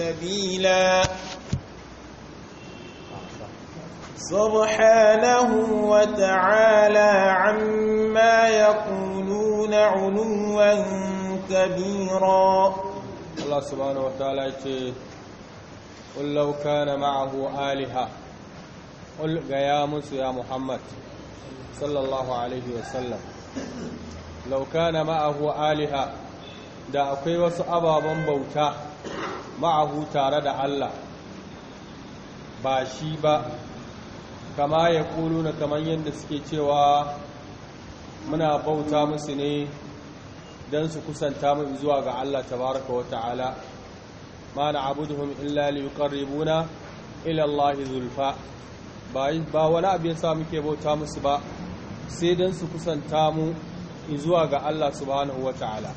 سبيلا سبحانه وتعالى عما يقولون علوا كبيرا الله سبحانه وتعالى يقول قل لو كان معه آلهة قل قيامس يا محمد صلى الله عليه وسلم لو كان معه آلهة da akwai wasu ababen bauta ma'ahu tare da Allah ba shi ba kama ya kulu na kamar yadda suke cewa muna bauta musu ne don su kusanta mu zuwa ga Allah tabaraka wa ta'ala ma na abuduhum illa li yuqarribuna zulfa ba wani abu yasa muke bauta musu ba sai don su kusanta mu zuwa ga Allah subhanahu wa ta'ala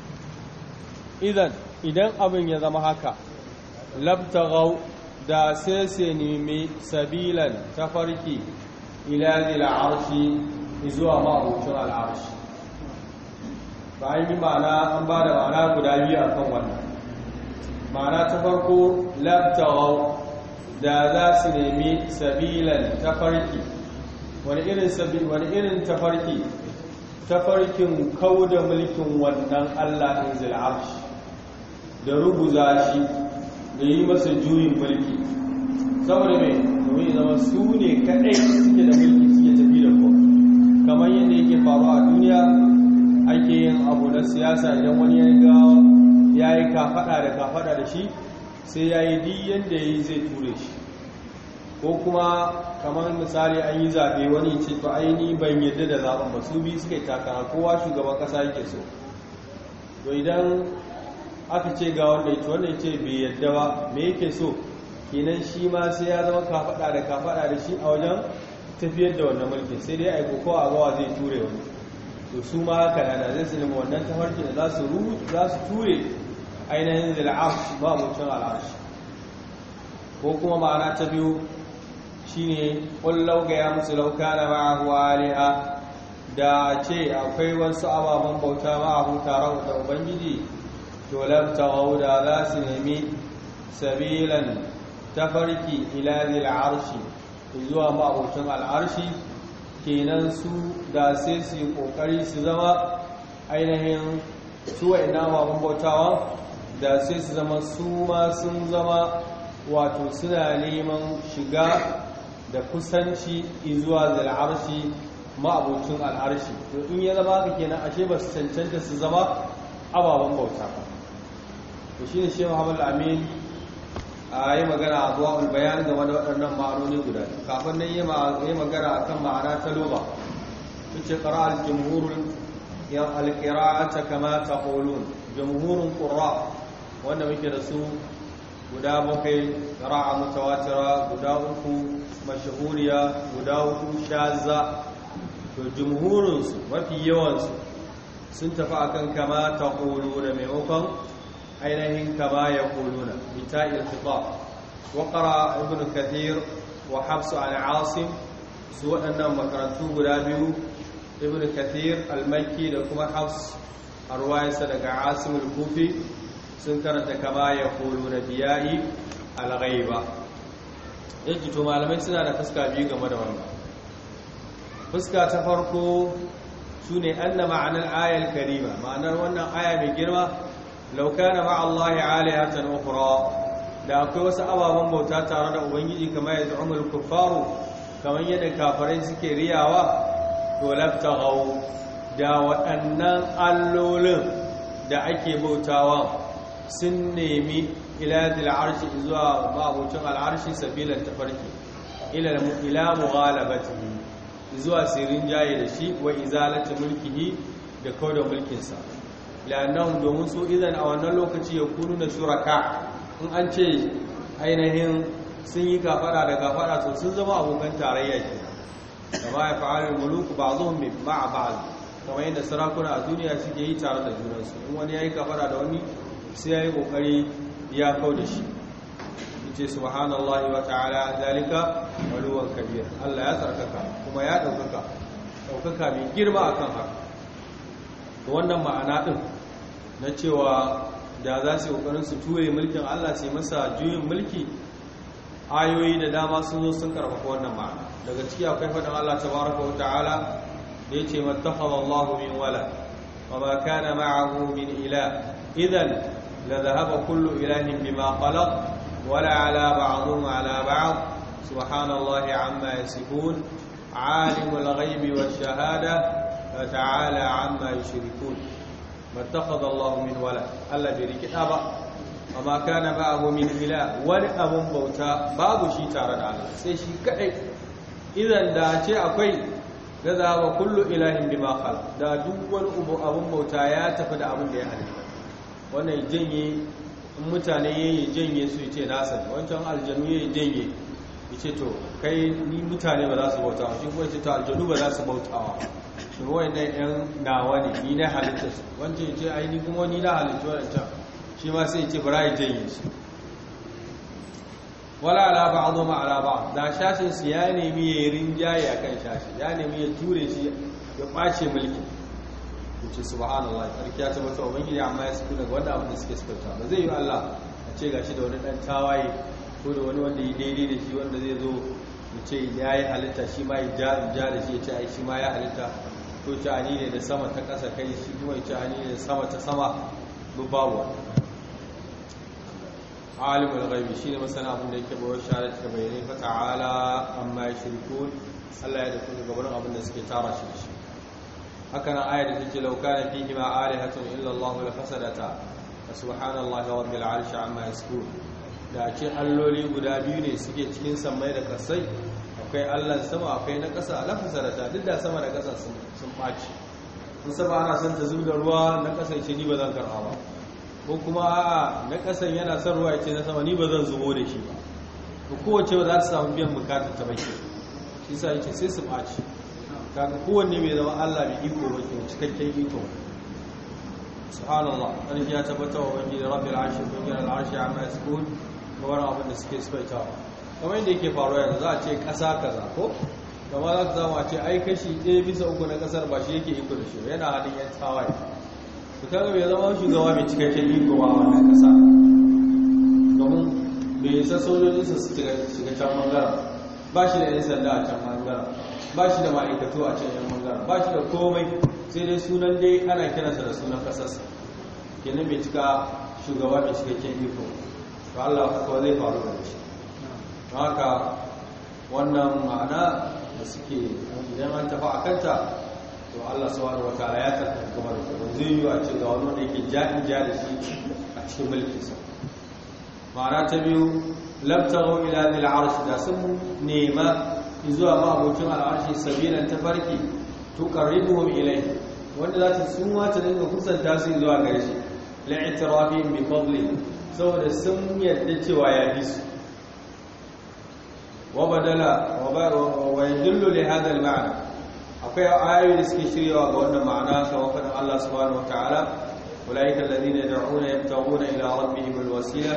idan abin ya zama haka labtagau da sai su nemi sabilan tafarki ila zila arshi zuwa ma'abucin al'arshi bayan yi ma'ana an ba da ma'ana guda biyu a kan wannan ma'ana ta farko labtagau da za su nemi sabilan tafarki wani irin tafarki tafarkin kau da mulkin wannan allah in zil'arshi da rubuza shi da yi masa juyin mulki saboda mai domin zama su ne kadai suke da mulki suke tafi da ko kamar yadda yake faru a duniya ake yin abu na siyasa idan wani ya ga ya yi kafaɗa da kafaɗa da shi sai ya yi diyan da ya yi zai ture shi ko kuma kamar misali an yi zaɓe wani ce to aini ban yadda da zaɓen ba su biyu suka yi takara kowa shugaban ƙasa yake so to idan aka ce ga wanda ya ce wanda ya ce bai yadda ba me yake so kenan shi ma sai ya zama kafaɗa da kafaɗa da shi a wajen tafiyar da wannan mulki sai dai a yi kokowa a gawa zai ture wani to su ma haka na da zai su wannan tafarki da za su za su ture ainihin zil'arsh ba mutum al'arsh ko kuma ma'ana ta biyu shine kullau ga ya musu lauka na ma'ahu aliha da ce akwai wasu ababen bauta ma'ahu taron da ubangiji to labtaghaw da za su nemi sabilan tafarki ila zil arshi zuwa ma'abucin al'arshi kenan su da sai su yi kokari su zama ainihin suwa ina mamun bautawa da sai su zama su ma sun zama wato suna neman shiga da kusanci zuwa zil'arshi ma'abucin al'arshi to in ya zama haka kenan ashe ba su cancanta su zama ababen bauta ba to shine shehu muhammad amin a yi magana a zuwa bayan game da waɗannan ma'anoni guda kafin nan yi magana a kan ma'ana ta loba ta ce ƙara aljimhurin yan ta kama ta ƙolun jamhurin ƙura wanda muke da su guda bakwai a mutawatira guda uku mashahuriya guda uku shaza to jimhurinsu mafi yawansu sun tafi akan kama ta ƙolun da maimakon ainihin kama ya kuluna bita iltifa wakara ibn kathir wa hafsu an asim su waɗannan makarantu guda biyu ibn kathir almakki da kuma hafs a ruwayensa daga asim al-kufi sun karanta kama ya kuluna biya'i al-ghaiba yake to malamai suna da fuska biyu game da wannan fuska ta farko su ne an na ma'anar ayar karima ma'anar wannan aya mai girma laukana ma'allahi alihatan ukhra da akwai wasu ababen bauta tare da ubangiji kamar yadda umul kuffaru kamar yadda kafarai suke riyawa to laftaghaw da waɗannan allolin da ake bautawa sun nemi ila dil arshi zuwa ma'abucin al'arshi sabilan tafarki ila ila mughalabatihi zuwa sirin jaye da shi wa izalati mulkihi da kauda mulkinsa la'annahum domin su izan a wannan lokaci ya kunu na shuraka in an ce ainihin sun yi kafara da kafara to sun zama abokan tarayya ke kama ya fa'alul muluku ba'dhum min ma'a ba'd kamar yadda sarakuna a duniya ke yi tare da junansu in wani ya yi kafara da wani sai yi kokari ya kau da shi su subhanallahi wa ta'ala zalika waluwan kabir Allah ya tsarkaka kuma ya ɗaukaka mai girma akan haka wannan ma'ana ɗin na cewa da za su kokarin su ture mulkin Allah sai masa juyin mulki ayoyi da dama sun zo sun karfafa wannan ma daga ciki akwai faɗin Allah tabaraka wa ta'ala da yace mattakhadha allahu min wala wa ma kana ma'ahu min ila idan la dhahaba kullu ilahin bima khalaq wala ala ba'dhum ala ba'd subhanallahi amma yasifun عالم الغيب والشهادة فتعالى عما يشركون mattakhadha Allah min wala Allah bai riki ɗa ba amma kana ba'ahu min ila wani abun bauta babu shi tare da Allah sai shi kadai idan da ce akwai da zaba kullu ilahin bima khalaq da duk wani abun bauta ya tafi da abun da ya halitta wannan janye in mutane yayi janye su ce nasa wancan aljanu yayi janye yace to kai ni mutane ba za su bauta shi kuma yace to aljanu ba za su bautawa su wai na yan nawa ne ni na halitta su wancan ya ce ai ni kuma ni na halitta wancan shi ma sai ya ce bara ya janye shi wala alaba ba'd zoma alaba da shashin su ya nemi ya yi rinjaye akan shashi ya nemi ya ture shi ya ɓace mulki yace subhanallah sarki ya tabbata ubangiji amma ya suku daga wanda abin da suke sukunta ba zai yi Allah a ce gashi da wani dan tawaye ko da wani wanda yi daidai da shi wanda zai zo mu ce ya yi halitta shi ma ya ja da shi ya ce ai shi ma ya halitta ko ci ani ne da sama ta ƙasa kai shi kuma ci ani ne da sama ta sama duk babu alimul ghaibi shine masana abin da yake bayar shahada ta bayyane fa ta'ala amma yushrikun Allah ya dafa gaban abin da suke tara shi da shi haka nan ayar da take lauka na fihi ma alihatun illa Allah la fasadata subhanallahi rabbil arshi amma yasifun da alloli guda biyu ne suke cikin samai da kasai akwai allon sama akwai na ƙasa lafasarata duk da sama da ƙasa sun ɓaci sun sama ana son ta zuga ruwa na ƙasa ce ni ba zan karɓa ba ko kuma a'a na ƙasan yana son ruwa ce na sama ni ba zan zubo da shi ba ko kowace ba za ta samu biyan bukatar ta ke. shi sa yake sai su ɓaci kaga kowanne mai zama allah mai iko ba cikakken iko سبحان الله أن جاء تبتوى من رب العرش من العرش عما يسكون kamar abin da suke ta kamar yadda yake faruwa yanzu za a ce ƙasa kaza ko kamar za ta zama ce ai kashi ɗaya bisa uku na ƙasar ba shi yake iko da shi yana halin yan tawaye su kaga bai zama shugaba mai cikakken iko ba a wannan ƙasa domin bai isa sojojinsa su shiga can mangara ba shi da 'yan sanda a can mangara ba shi da ma'aikatu a can yan mangara ba shi da komai sai dai sunan dai ana kiransa da sunan ƙasarsa kenan bai cika shugaba mai cikakken iko to Allah ko zai faru da shi haka wannan ma'ana da suke idan an tafi a kanta to Allah subhanahu wataala ya tafi kuma da kuma zai yi a ce ga wani wanda yake ja'in ja da shi a cikin mulkin mulkinsa ma'ana ta biyu labtaru ila dil arsh da sun nema zuwa ma abokin al'arshi sabilan tafarki tuqarribuhum ilai wanda za ta sun wata dinga kusanta su zuwa gare shi la'itirafihim bi fadlihi saboda sun yadda cewa ya fi su wa badala wa yadullu li hadha al-ma'na akwai ayoyi da suke shiryawa ga wannan ma'ana kamar fadin Allah subhanahu wataala ulaika alladhina yad'una yabtaghuna ila rabbihim al-wasila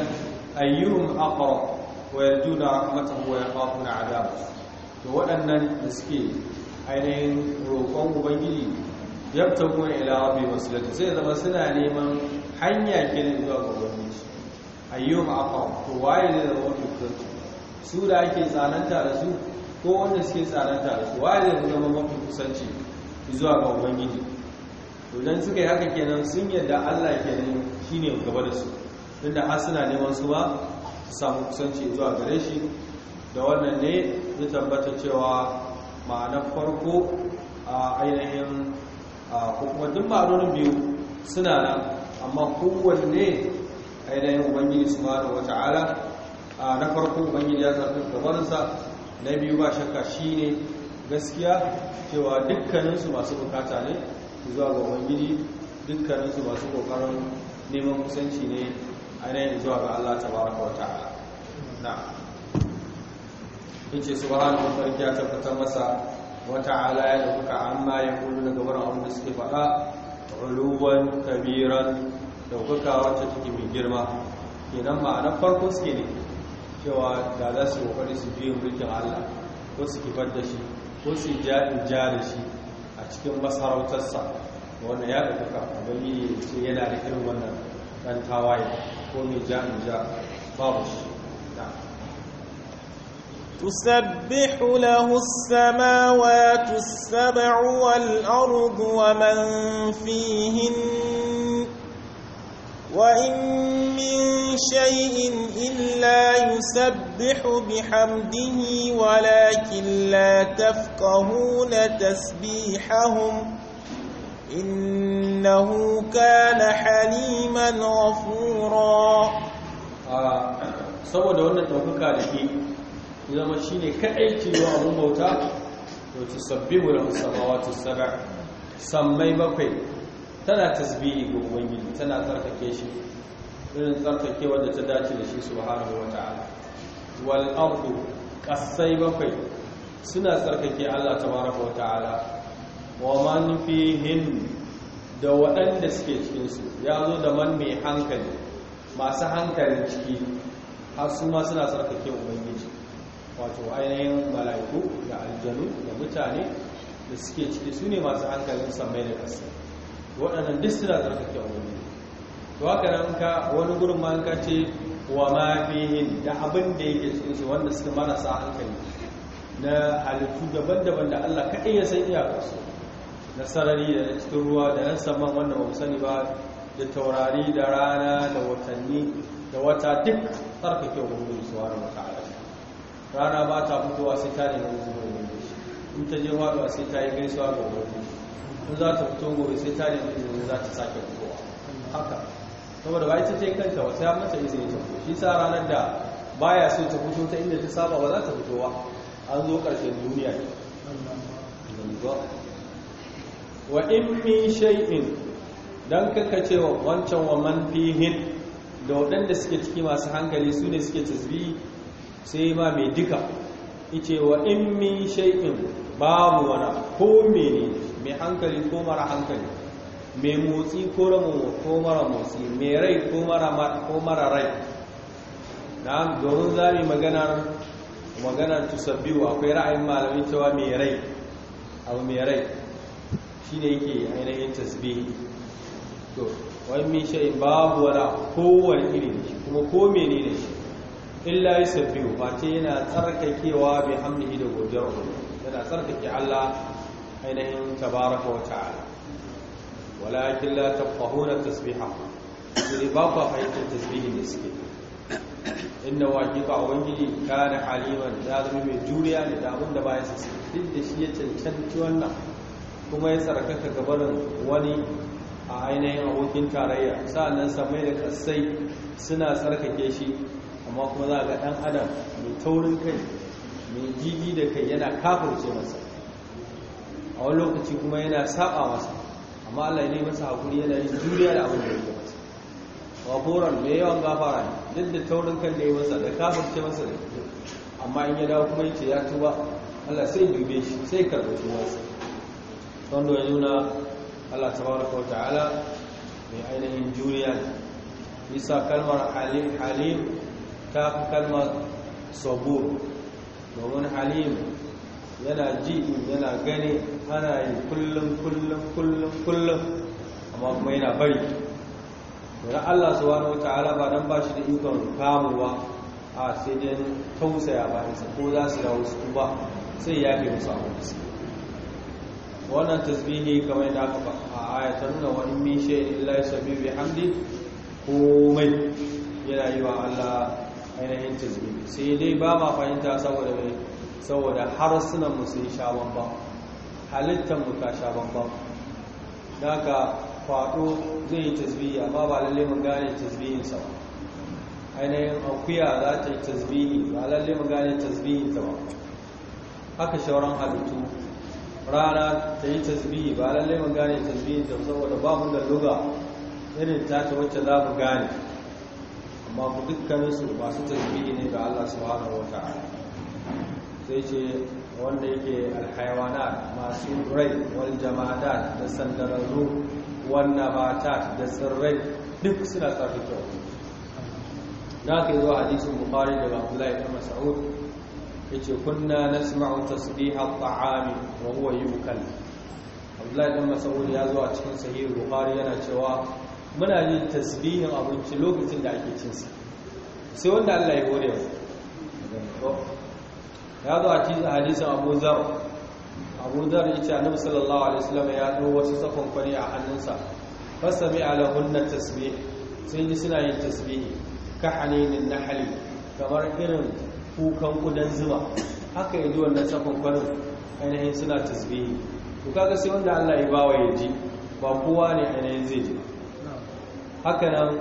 ayyuhum aqrab wa yarjuna rahmatahu wa yakhafuna 'adabahu to waɗannan da suke ainihin roƙon ubangiji yabtaghuna ila rabbihim al-wasila sai zama suna neman hanya kenan zuwa gobe. ayyuma afa to waye ne da wani kirki su da ake tsananta da su ko wanda suke tsananta da su waye zai zama mafi kusanci zuwa ga ubangiji to dan suka yi haka kenan sun yadda Allah kenan shine gaba da su tunda har suna neman su ba su samu kusanci zuwa gare shi da wannan ne ya tabbata cewa ma'anar farko a ainihin a kuma duk biyu suna nan amma kowanne ainihin ubangiji su ma da wata ala na farko ubangiji ya zafi gabarinsa na biyu ba shakka shi ne gaskiya cewa dukkaninsu masu bukata ne zuwa ga ubangiji dukkaninsu masu kokarin neman kusanci ne ainihin zuwa ga allah ta ba ala. tabaraka wata'ala su ba hannun farki ya tabbatar masa wata ala ya dauka amma ya kullu daga wurin abin da suke faɗa ruwan kabiran daukaka wacce take mai girma kenan ma'anar farko suke ne cewa da za su kokari su biye mulkin Allah ko su kifar da shi ko su ja da shi a cikin masarautarsa wannan ya daukaka ubangiji ne ce yana da irin wannan ɗan tawaye ko mai ja'in ja babu shi تسبح له السماوات السبع والأرض ومن فيهن وإن من شيء إلا يسبح بحمده ولكن لا تفقهون تسبيحهم إنه كان حليما غفورا saboda wannan ɗaukaka da ke zama shine kaɗai cewa abin bauta da ta sabbi mu da wata sammai bakwai tana tasbihi ga ubangiji tana tsarkake shi irin tsarkake wanda ta dace da shi subhanahu ta'ala wal ardu kasai bakwai suna tsarkake Allah tabaraka ta'ala wa man fihin da waɗanda suke cikinsu ya zo da man mai hankali masu hankalin ciki har su ma suna tsarkake ubangiji wato ainihin mala'iku da aljanu da mutane da suke ciki su ne masu hankalin samai da kasai waɗannan duk suna tsarkake ubangiji to haka nan ka wani gurin ma ka ce wa ma fihin da abin da yake cikin su wanda suka marasa hankali na halittu daban-daban da Allah kaɗai ya san su na sarari da cikin ruwa da yan saman wanda ba sani ba da taurari da rana da watanni da wata duk tsarkake wani wata wataala rana ba ta fitowa sai ta nemi zuwa ubangiji in ta je waɗuwa sai ta yi gaisuwa ga ubangiji in za ta fito gobe sai ta nemi izini za ta sake fitowa haka saboda bai ta ce kanta wata ya mata izini ta fito shi sa ranar da baya so ta fito ta inda ta saba ba za ta fito ba an zo karshen duniya ne wa in min shay'in dan kaka cewa wancan wa man fihin da waɗanda suke ciki masu hankali su ne suke tasbi sai ma mai duka ice wa in min shay'in babu wani ko menene mai hankali ko mara hankali mai motsi ko ko mara motsi mai rai ko mara rai na domin za mu maganar maganar akwai ra'ayin malamin cewa mai rai abu mai rai shi ne yake ainihin tasbihi to wani shayin babu wala kowane iri da shi kuma ko mene ne shi illa yusabbihu ba ce yana tsarkakewa mai hamdihi da godiyar yana tsarkake Allah ainihin tabaraka wa ta'ala wala la tafqahuna tasbihahum sai ba ku fahimtar tasbihin da suke ba waqiqa ubangiji kana haliman ya zama mai juriya ne da abin da baya su duk da shi ya cancanci wannan kuma ya tsarkaka gabarin wani a ainihin abokin tarayya sa'annan samai da kasai suna tsarkake shi amma kuma za ga ɗan adam mai taurin kai mai jigi da kai yana kafirce masa a wani lokaci kuma yana saba masa amma Allah ne masa hakuri yana yin juriya da abin da yake masa ghafuran me yawan gafara ne duk da taurin kan da ya masa da kafirce masa da amma in ya dawo kuma yace ya tuba Allah sai dube shi sai shi, tubarsa wanda ya nuna Allah tabaraka wa ta'ala mai ainihin juriya isa kalmar halim halim ta fi kalmar sabur domin halim yana ji yana gani ana yi kullum kullum kullum kullum amma kuma yana bari yana Allah alaba don ba dan bashi da ikon kamuwa a sai dai tausaya ba sai ko za su dawo su ba sai ya fi musu abu wannan tasbihi kamar da aka a ayatar nuna wani min shay'in illa Hamdi, ko komai yana yi wa Allah ainihin tasbihi sai dai ba ma fahimta saboda mai saboda harsunanmu sun sha bambam halittanmu ta sha bambam da ka faɗo zai yi tasbiyya amma ba lalle mu gane sa ba ainihin akuya za ta yi tasbiyi ba lalle mu gane sa ba haka shauran halittu rana ta yi tasbiyi ba lalle mu gane sa saboda ba mu da luga irin ta ta wacce za mu gane amma ku dukkaninsu masu tasbiyi ne ga Allah subhanahu wa ta'ala sai ce wanda yake alhaiwana masu rai wal jama'ata da sandararru wanda mata da tsirrai duk suna tsarki kyau na ka yi zuwa hadisun bukari da abdullahi ta mas'ud ya ce kunna na sima'u tasbiha ta'ami wa huwa bukali abdullahi ta mas'ud ya zuwa cikin sahihu buhari yana cewa muna yin tasbihin abinci lokacin da ake cinsa sai wanda allah ya gode wa ya zo a hadisin abu zar abu zar ya ce annabi sallallahu alaihi wasallam ya ɗau wasu tsakon kwari a hannunsa fasami ala hunna tasbih sun ji suna yin tasbihi ka na nahali kamar irin kukan kudan zuma haka yaji wannan tsakon kwarin ainihin suna tasbihi to kaga sai wanda Allah ya bawa ya ji ba kowa ne ainihin zai ji haka nan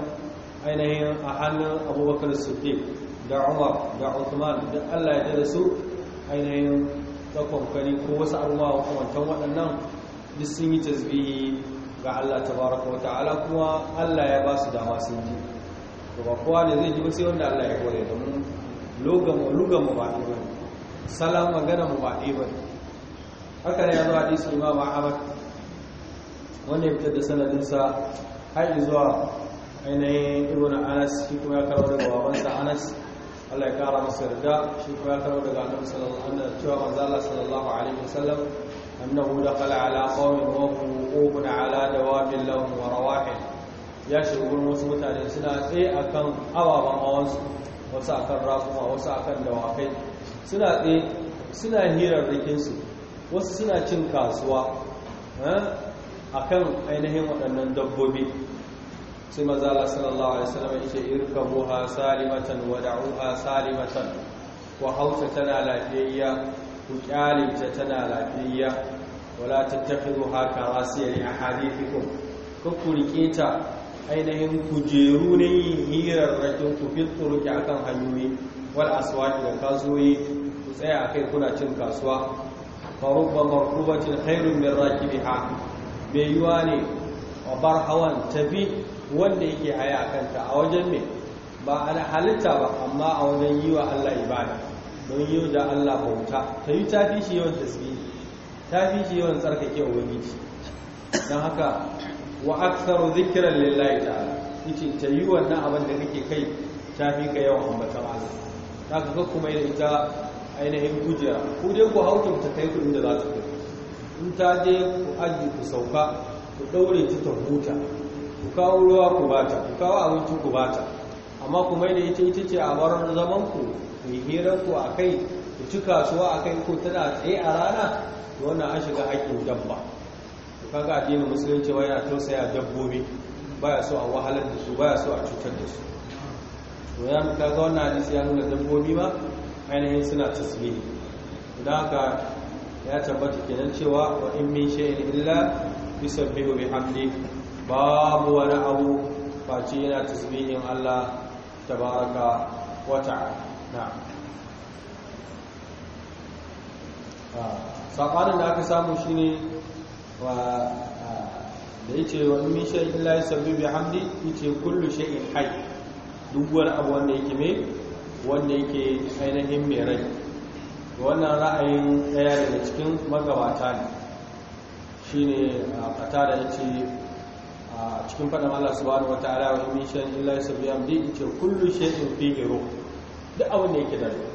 ainihin a hannun abubakar sufi da umar da uthman duk Allah ya dara su ainihin takwamkani ko wasu abubuwa makamantan waɗannan duk sun yi tasbihi ga Allah Ta tabaraka wa ta'ala kuma Allah ya ba su dama sun ji to ba kowa ne zai ji ba sai wanda Allah ya kore domin lugamu lugamu ba ɗaya salam magana mu ba ɗaya haka ne ya zo hadisi imam Ahmad wanda ya fitar da sanadinsa har zuwa ainihin ibn Anas shi kuma ya karɓar da babansa Anas Allah ya kara masa yarda shi ko ya tabbata daga Annabi sallallahu alaihi wasallam cewa manzo Allah sallallahu alaihi wasallam annahu daqala ala qawmin wa hum ala dawabil lahum wa rawahil ya ce wurin wasu mutane suna tsaye akan ababen hawansu wasu akan rakuma wasu akan dawakai suna tsaye suna hirar rikinsu wasu suna cin kasuwa eh, akan ainihin waɗannan dabbobi sai mazala Allah sallallahu alaihi wasallam irka buha salimatan wa da'uha salimatan wa hauta tana lafiyayya ku kyalinta tana lafiyayya wala haka karasiya li ahadithikum ku kurike ta ainihin kujeru ne yin hirarrakin ku fil akan hanyoyi wal aswaqi da kasuwoyi ku tsaya akai kuna cin kasuwa fa rubba marqubatin khairun min rakibiha bai yiwa ne wa hawan tafi wanda yake haya a kanta a wajen mai ba a halitta ba amma a wajen yi wa Allah ibada don yi da Allah bauta ta yi tafi shi yawan tasbihi tafi shi yawan tsarkake ubangiji don haka wa aktsaru zikiran lillahi ta'ala ita ta yi wannan abin da kake kai tafi ka yawan ambata Allah ta ga kuma da ita ainihin kujera ku dai ku ta kai kudin da za su kai in ta je ku aji ku sauka ku ɗaure ta ta huta ku kawo ruwa ku bata ku kawo abinci ku bata amma ku mai da ita ita ce a bar zaman ku ku yi hirar ku a kai ku ci kasuwa a kai ko tana tsaye a rana da wannan an shiga haƙƙin dabba ku kaga addinin musulunci ba yana tausaya dabbobi baya so a wahalar da su baya so a cutar da su to ya mu kaga wannan hadisi ya nuna dabbobi ma ainihin suna tasbihi don haka ya tabbata kenan cewa wa in min shay'in illa bi hamdi babu wani abu faci yana tasbihin Allah tabaraka wa ta'ala sabanin da aka samu shine wa da ya ce wani mishe illa hamdi ya ce kullu shi in duk wani abu wanda yake me wanda yake ainihin mai rai wannan ra'ayin ɗaya daga cikin magabata ne Shi ne a fata da yace a cikin faɗin Allah subhanahu wataala wa min shay'in illa yusabbihu bi kullum kullu shay'in fi ruh duk abin da yake da rai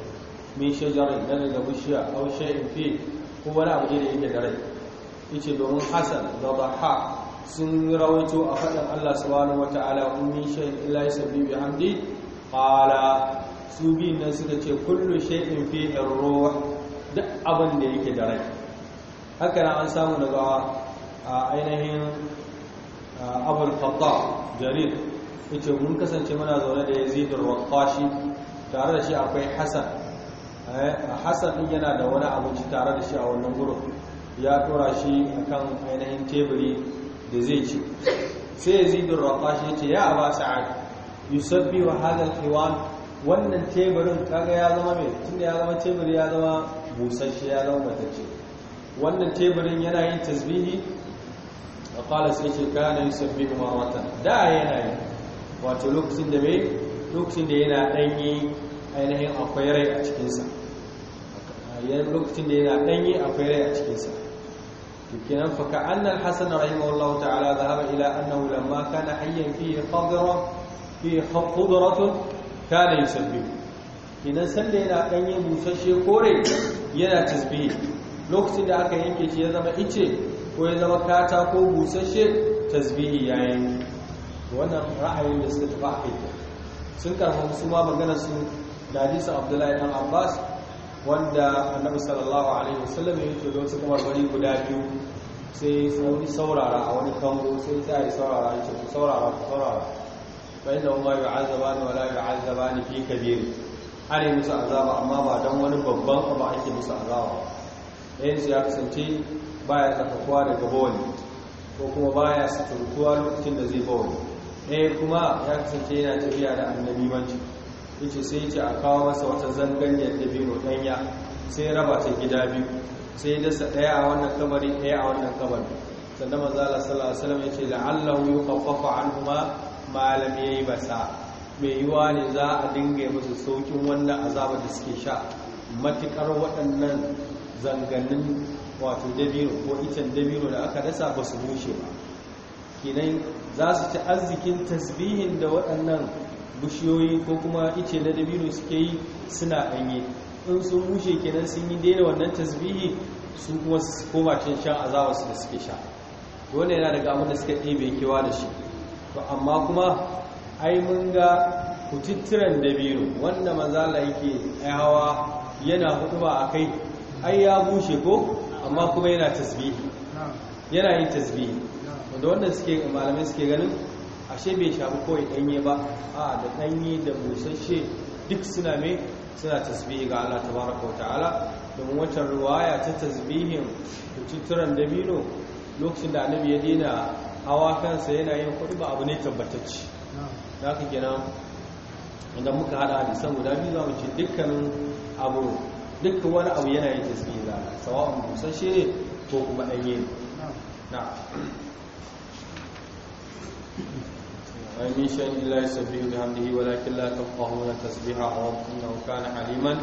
min shajarin dan da bishiya aw shay'in fi ko wani abu da yake da rai yace domin Hassan da Baha sun rawaito a faɗin Allah subhanahu wataala wa min shay'in illa yusabbihu bihamdi qala su bi nan suka ce kullu shay'in fi ruh duk abin da yake da rai haka an samu daga ainihin abul fadda jarir yace mun kasance muna zaune da yazid al-waqashi tare da shi akwai hasan eh, hasan din yana da wani abinci tare da shi a wannan gurin ya tura shi akan ainihin teburi da zai ci sai yazid al-waqashi yace ya aba sa'ad yusabbi wa hadha al-hiwan wannan teburin kaga ya zama mai tunda ya zama teburi ya zama busasshe ya zama matacce wannan teburin yana yin tasbihi a kala sai ce kana yin sabbi kuma watan da yana yi wato lokacin da mai lokacin da yana ɗanyi ainihin akwai rai a cikinsa lokacin da yana danyi akwai rai a cikinsa kenan fa ka annal hasan rahimahullahu ta'ala zahaba ila annahu lamma kana hayyan fihi qadra fihi khudratun kana yusabbihu kenan sanda yana ɗanyi busasshe kore yana tasbihi lokacin da aka yanke shi ya zama ice ko ya zama kata ko busasshe tasbihi ya yanke wannan ra'ayin da suka tafi aka kai sun karfa su ma magana su da hadisin abdullahi dan abbas wanda annabi sallallahu alaihi wasallam ya yi da wasu kamar wani guda biyu sai sauri saurara a wani kango sai ta yi saurara ya ce saurara ku saurara fa inda umma yu'azzaba ni wala yu'azzaba ni fi kabir ana musu azaba amma ba dan wani babban ba ake musu azaba ɗayansu ya kasance baya tafafuwa daga bawani ko kuma baya suturtuwa lokacin da zai bawani ɗaya eh, kuma ya kasance yana tafiya da manci yace sai yace a kawo masa wata zangarniyar dabino ɗanya sai raba ta gida biyu sai dasa ɗaya a wannan kabari ɗaya a wannan kabari sannan manzo Allah sallallahu alaihi wasallam yace la'allahu yukhaffafa anhuma ma lam basa mai wa ne za a dinga musu saukin wannan azabar da suke sha matukar waɗannan zangannin wato dabiru ko itan dabiru da aka dasa ba su bushe ba kenan za su ci arzikin tasbihin da waɗannan bishiyoyi ko kuma ice na dabiru suke yi suna ɗanye in sun bushe kenan sun yi daina wannan tasbihi su kuma su koma cin shan azawarsu da suke sha dole yana daga abin da suka ɗebe kewa da shi to amma kuma ai mun ga kututturan dabiru wanda maza la yake hawa yana hudu ba a kai ai ya bushe ko amma kuma yana tasbihi yana yin tasbihi wanda wannan suke malamai suke ganin ashe bai shafi kawai danye ba a da danye da busasshe duk suna mai suna tasbihi ga Allah tabaraka wa ta'ala domin wancan ruwaya ta tasbihin cuturan dabino lokacin da annabi ya dina hawa kansa yana yin kudu ba abu ne tabbatacce za ka gina idan muka hada hadisan guda biyu za mu ce dukkanin abu duk wani abu yana yin jiski da Allah sawa'un busasshe ne ko kuma danye ne na yi ومن شأن الله سبحانه بحمده tasbiha a wakil na wuka na حليما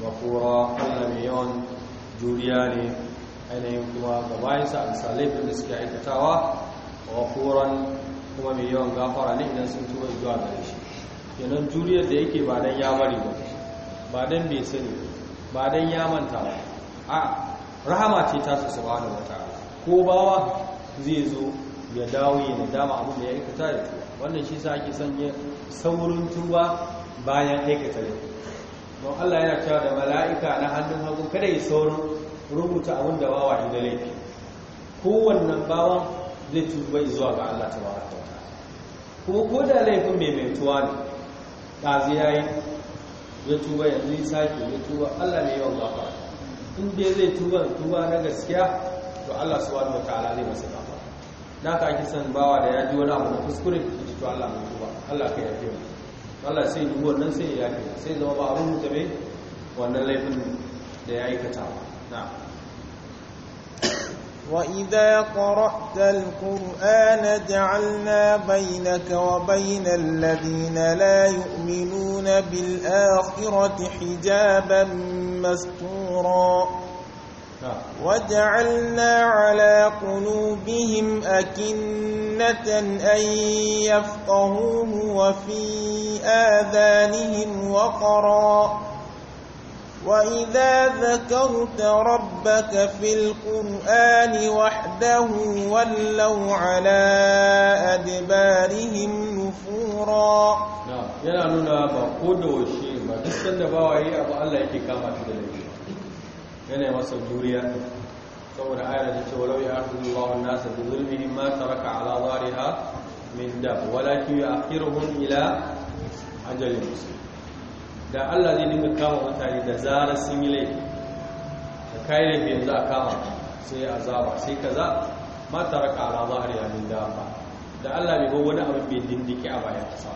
غفورا Allah mai yawan juriya ne ainihin kuma ga gabayinsa a misalai da suke aikatawa ghafuran kuma mai yawan gafara ne idan sun tuba zuwa gare shi kenan juriyar da yake ba don ya bari ba ba dan bai sani ba don ya manta ba a rahama ce ta su da wata. ko bawa zai zo ya dawo ya dama abin da ya aikata da tuba wannan shi sa ake sanya saurin tuba bayan aikata da don Allah yana cewa da mala'ika na hannun hagu kada ya saurin rubuta abin da bawa inda laifi kowannan bawa zai tuba zuwa ga Allah ta ba kuma ko da laifin mai mai tuwa ne ɗazi yayi ya tuba yanzu ya sake ya tuba Allah ne yawan gafara in dai zai tuba tuba na gaskiya to Allah subhanahu wataala zai masa gafara na ka ake san bawa da ya ji wani abu na kuskure ya ci to Allah mai tuba Allah ka yafe mu Allah sai dubu wannan sai ya yafe sai zama ba abin mutane wannan laifin da ya aikata na وإذا قرأت القرآن جعلنا بينك وبين الذين لا يؤمنون بالآخرة حجابا مستورا وجعلنا على قلوبهم أكنة أن يفقهوه وفي آذانهم وقرا وإذا ذكرت ربك في القرآن وحده ولوا على أدبارهم نفورا نعم. يلا نونا بقود وشيء ما دستن دباو أي أبا الله يتكام أكيد لك يلا ما سبجوريا آية لتشو ولو يأخذ الله الناس بظلمهم ما ترك على ظهرها من دب ولكن يؤخرهم إلى أجل المسلم da Allah zai dinga kama mutane da zarar sun yi laifi da kayi laifi yanzu a kama sai azaba sai kaza ma taraka ala zahari yamin ba, da Allah bai bar wani abin bai dindike a bayan ba,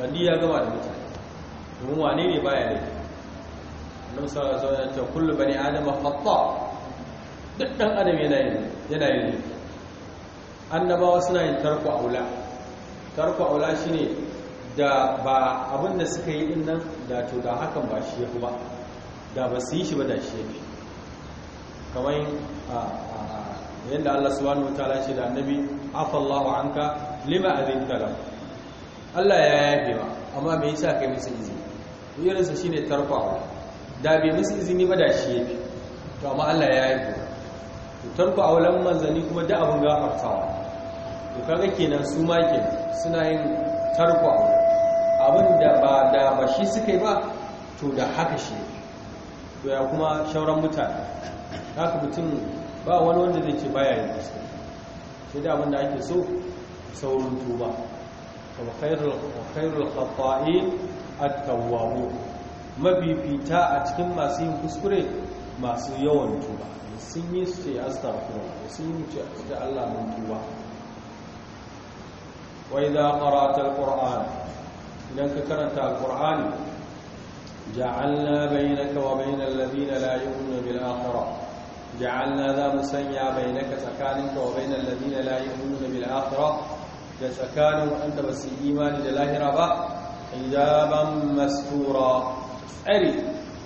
bandi ya gama da mutane domin wane ne baya laifi annabi sallallahu alaihi wasallam ya ce kullu bani adama khata duk ɗan adam yana yin yana yin annabawa suna yin tarku aula tarku aula shine da ba abin da suka yi din nan da to da hakan ba shi yafi ba da ba su yi shi ba da shi yafi kamar yadda Allah subhanahu ta'ala ce da annabi afallahu anka lima abin kalam Allah ya yafe ba amma me yasa kai musu izini irin sa shine tarfawa da bai musu izini ba da shi yafi to amma Allah ya yafe to tarfawa lan manzani kuma da abin gafartawa to kaga kenan su ma kenan suna yin tarko abin da ba da ba shi suka yi ba to da haka shi to ya kuma shauran mutane haka mutum ba wani wanda zai ce baya yin kuskure sai da abin ake so saurin tuba kuma khairul khairul a tawawo mabibita a cikin masu yin kuskure masu yawan tuba sun yi su ce kuma sun yi ce da Allah mun tuba Wai za a al-qur'ana idan ka karanta alqur'ani ja'alna bainaka wa bainal ladina la yu'minuna bil akhirah ja'alna za mu sanya bainaka tsakaninka wa bainal ladina la yu'minuna bil akhirah da tsakanin wanda ba su imani da lahira ba hijaban mastura tsari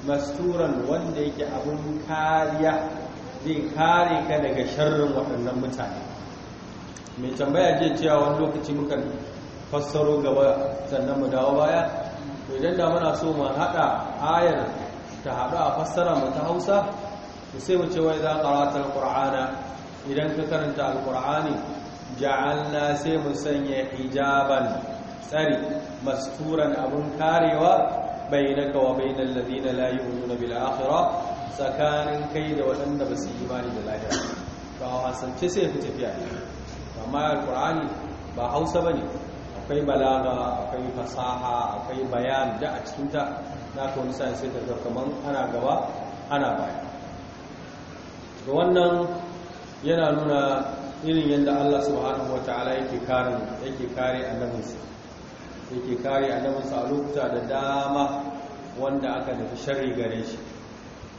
masturan wanda yake abun kariya zai kare ka daga sharrin waɗannan mutane mai tambaya je cewa wani lokaci muka fassaro gaba sannan mu dawo baya to idan da muna so mu hada ayar ta hadu a fassara mu ta Hausa to sai mu ce wai za qara'ata alqur'ana idan ka karanta alqur'ani ja'alna sai mu sanya hijaban tsari masturan abun karewa bainaka wa bainal ladina la yu'minuna bil akhirah tsakanin kai da waɗanda ba su yi imani da lahira ba a wasance sai ku tafiya amma alqur'ani ba Hausa bane akwai balaga akwai fasaha akwai bayan da a cikin ta na ka wani sai ta kamar kaman ana gaba ana baya ga wannan yana nuna irin yadda Allah subhanahu wataala yake kare yake kare annabinsa yake kare annabinsa a lokuta da dama wanda aka nufi sharri gare shi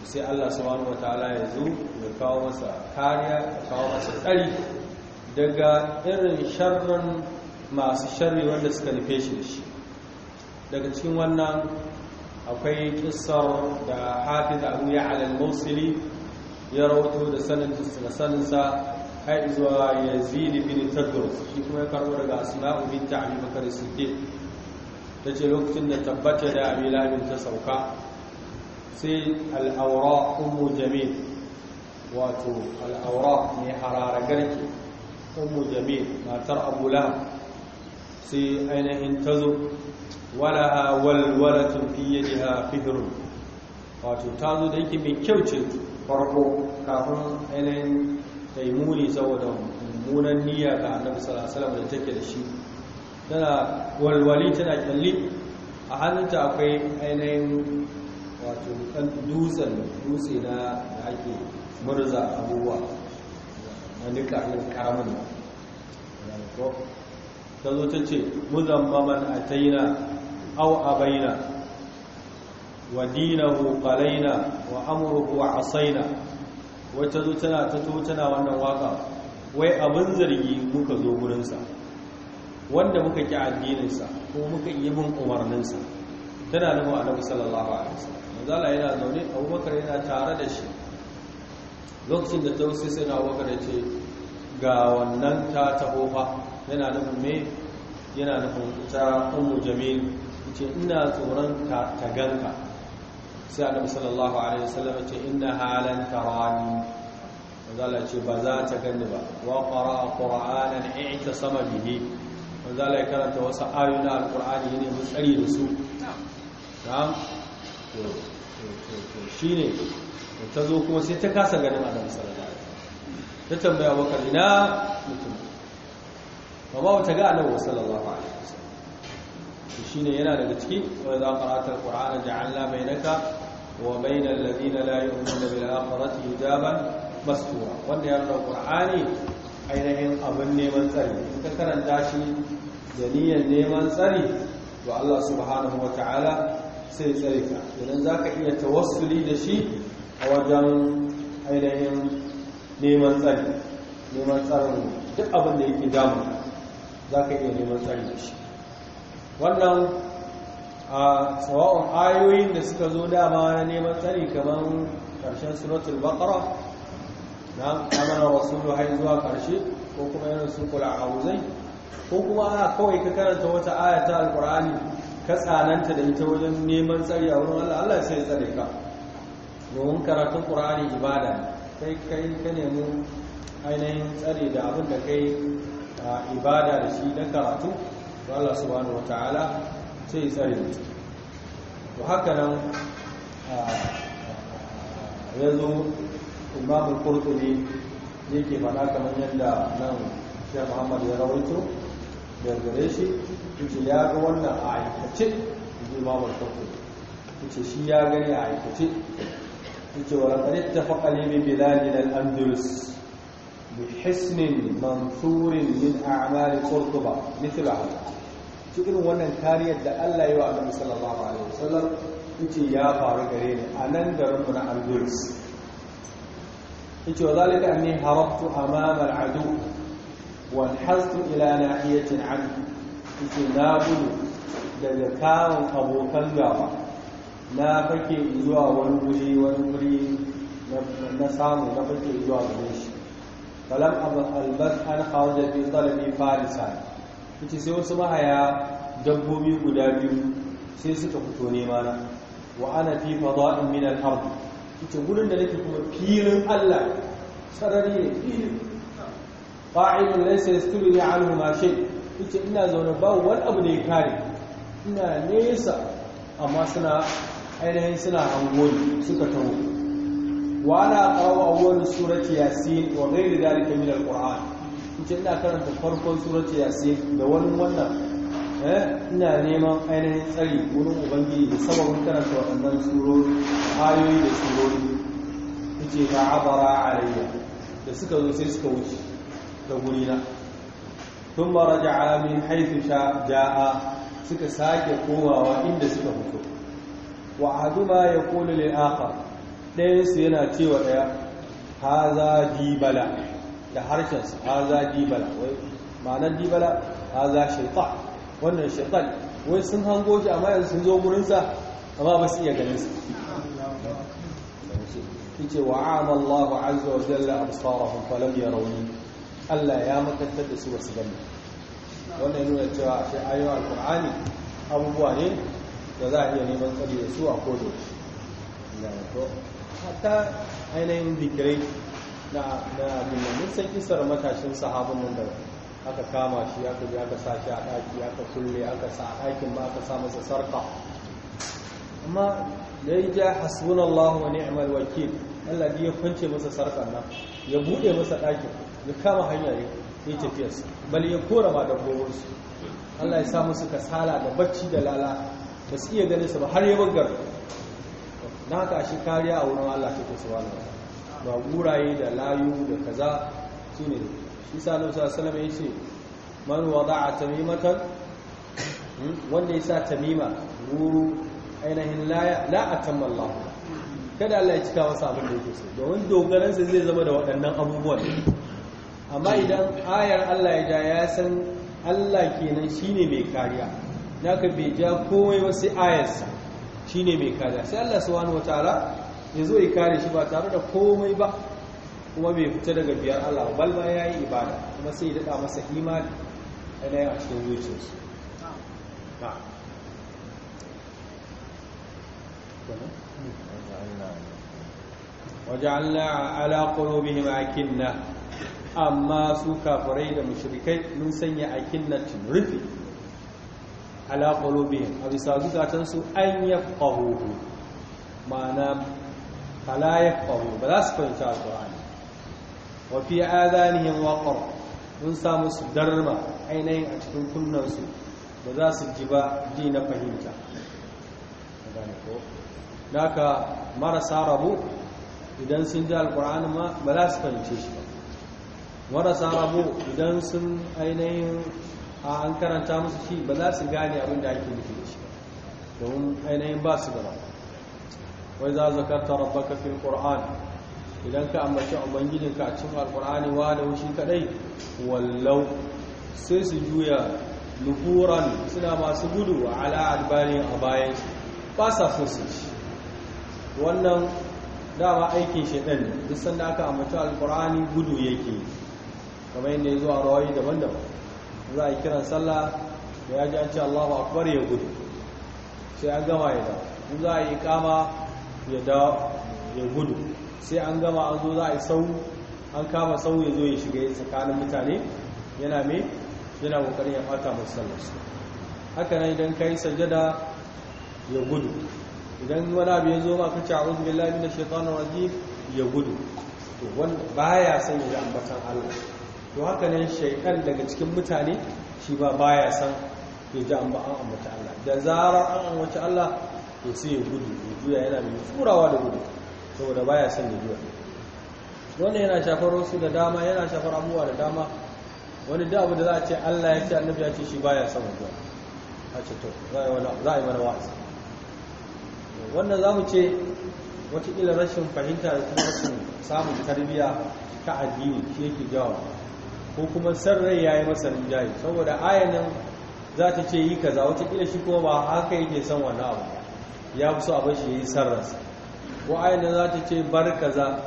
sai Allah subhanahu ta'ala ya zo ya kawo masa kariya ya kawo masa tsari daga irin sharrin masu sharri wanda suka nufe shi daga cikin wannan akwai kissar da hafiz abu ya alal mausili ya rawato da saninsa har zuwa yazid bin tadrus shi kuma ya karbo daga asma'u bint abi bakr Ta ce lokacin da tabbata da amila labin ta sauka sai al'aura umu ummu jamil wato al'aura harara garki umu jamil matar abu lahab sai ainihin tazo walaha walwalatu fi yadiha fihiru wato tazo da yake mai kyau ce farko kafin ainihin taimuni saboda mummunan niyya ga annabi sallallahu da take da shi tana walwali tana kyalli a hannunta akwai ainihin wato ɗan dutsen dutse na da ake murza abubuwa na duka ƙaramin ta zo ta ce muzammaman a taina au a baina wa wa amruhu wa asaina wata zo tana ta to tana wannan waka wai abin zargi muka zo gurinsa wanda muka ki addininsa ko muka yi mun umarninsa tana nufin annabi sallallahu alaihi wasallam manzala yana zaune abubakar yana tare da shi lokacin da ta wuce sai na waka da ce ga wannan ta taho fa yana nufin me yana nufin ita umu jamil ce ina tsoron ka ta ganka sai annabi sallallahu alaihi wasallam ce inna halan tarani manzala ce ba za ta ganni ba wa qara'a qur'anan sama bihi manzala ya karanta wasu ayoyi na alqur'ani ne mu tsari da su na'am to to shine ta zo kuma sai ta kasa ganin annabi sallallahu alaihi wasallam ta tambaya wa kalina mutum amma wata ga annabi sallallahu alaihi wasallam ne yana daga ciki wa za qara'ta alqur'ana ja'alna bainaka wa bainal ladina la yu'minuna bil akhirati hijaban mastura wanda ya rubuta qur'ani ainihin abin neman tsari in ka karanta shi da niyyar neman tsari to Allah subhanahu wa ta'ala sai tsare ka idan zaka iya tawassuli da shi a wajen ainihin neman tsari neman tsarin duk abin da yake damu za ka iya neman tsari da shi wannan a tsawon ayoyin da suka zo dama na neman tsari kamar ƙarshen suratul baqara na amana wasu har zuwa ƙarshe ko kuma yana su kula a wuzai ko kuma ana kawai ka karanta wata ayata alƙur'ani ka tsananta da ita wajen neman tsari a wurin Allah Allah sai ya tsare ka domin karatun ƙur'ani ibada kai kai ka nemi ainihin tsari da abin da kai ibada da shi na karatu to Allah subhanahu wataala sai tsare mu to haka nan yanzu Imam al-Qurtubi yake faɗa kamar yadda nan Sheikh Muhammad ya rawaito gargare shi kuce ya ga wannan a aikace yace Imam al-Qurtubi kuce shi ya gani a aikace kuce wa laqad ittafaqa mai bi na al-Andalus بحسن منثور من أعمال قرطبة مثل هذا cikin wannan kariyar da Allah yi wa Annabi sallallahu alaihi wasallam yace ya faru gare ni a nan garin mu na Al-Quds yace wazalika anni harabtu amama al-adu wa anhaztu ila nahiyatin anhu yace na gudu daga kawun abokan gaba na fake zuwa wani wuri wani wuri na samu na fake zuwa gare shi falam albas an kharaja fi talabi farisa yace sai wasu mahaya dabbobi guda biyu sai suka fito nema na wa ana fi fada'in min al-ard yace gurin da nake kuma filin Allah sarari ne filin fa'ilun laysa yastulni anhu ma shay yace ina zaune ba wani abu da ya kare ina nesa amma suna ainihin suna hango suka taho وانا اقرا اول سوره ياسين وغير ذلك من القران kace ina karanta farkon surati da wani wannan ina neman ainihin tsari wurin ubangiji da sababin karanta waɗannan surori ayoyi da surori kace ba abara alayya da suka zo sai suka wuce da gurina Tun رجع من حيث جاء suka sake komawa inda suka fito wa haduma yaqulu lil akhar ɗayansu yana cewa ɗaya haza dibala da harshensa haza dibala wai ma'anar dibala haza shaitan wannan shaitan wai sun hango shi amma yanzu sun zo gurinsa amma ba su iya ganinsa ce wa ama Allah azza wa jalla absarahum ya rauni. Allah ya makantar da su ba su gani wannan nuna cewa ashe ayoyin alqur'ani abubuwa ne da za a iya neman tsari da su a kodo shi hatta ainihin bikirai na abin sai kisar matashin sahabin nan da aka kama shi aka je aka sa shi a ɗaki aka kulle aka sa a ɗakin ba aka sa masa sarka amma da ya ja hasbunallahu wa ni'mal wakil Allah ya kwance masa sarka nan ya buɗe masa ɗakin ya kama hanya ya tafiya su bal ya kora ma dabbobinsu Allah ya sa musu kasala da bacci da lala ba su iya ganin su ba har ya bangar na haka shi kariya a wurin Allah ta subhanahu wa ba guraye da layu da kaza ne shi sa Annabi sallallahu alaihi man man a tamimatan hmm, wanda ya sa tamima guru ainihin la a atamma kada Allah ya cika wasu abin da yake so domin dogaransa zai zama da waɗannan abubuwan amma idan ayar Allah ya ja ya san Allah kenan shine mai kariya na bai ja komai wasu ayarsa Shi ne mai kariya sai Allah subhanahu wataala ya zo ya kare shi ba tare da komai ba kuma bai fita daga biyar Allah bal ma yi ibada kuma sai ya dada masa imani ainihin a cikin zuciyarsa وجعلنا akinna amma su kafirai da فريد mun sanya akinna tun rufe. ala biyan a bisa zukatansu an yafqahu ma'ana ya yafqahu ba za su fahimci alqur'ani wa fi yin waqar mun samu su darma ainihin a cikin kunnansu ba za su ji ba ji na fahimta naka marasa rabu idan sun ji alkur'ani ba za su fahimce shi ba marasa rabu idan sun ainihin a an karanta musu shi ba za su gane abin da ake nufi da shi domin ainihin ba su gaba wai za ta rabbaka fil qur'an idan ka ambaci ubangijinka a cikin alqur'ani wa da wushi kadai wallau sai su juya lukuran suna masu gudu ala adbarin a bayan shi ba sa so su shi wannan dama aikin shaidan ne duk sanda aka ambaci alqur'ani gudu yake kamar yadda ya zo a rawayi daban-daban za a yi kiran sallah da ya ji an ce Allahu akbar ya gudu sai an gama ya da in za a yi kama ya da ya gudu sai an gama an zo za a yi sau an kama sau ya zo ya shiga tsakanin mutane yana mai yana kokarin ya fata musallarsu haka nan idan ka yi sajada ya gudu idan wani abu ya zo ma ka ce a'udhu billahi minash shaitanir rajim ya gudu to wanda baya son ya ambatan Allah to haka ne shaitan daga cikin mutane shi ba baya san ya ji an ba an ambaci Allah da zarar an ambaci Allah to sai ya gudu ya juya yana mai tsurawa da gudu saboda baya san ya juya wannan yana shafar wasu da dama yana shafar abubuwa da dama wani da abu da za a ce Allah ya ce annabi ya ce shi baya san wajen a ce to za a yi mana wa'azi wannan za mu ce watakila rashin fahimta da kuma rashin samun tarbiyya ta addini shi yake jawo ko kuma san rai ya yi masa rinjaye saboda ayanin za ta ce yi kaza watakila shi kuma ba haka yake son wani abu ya fi so a bashi ya yi sarrasa ko ayanin za ta ce bar kaza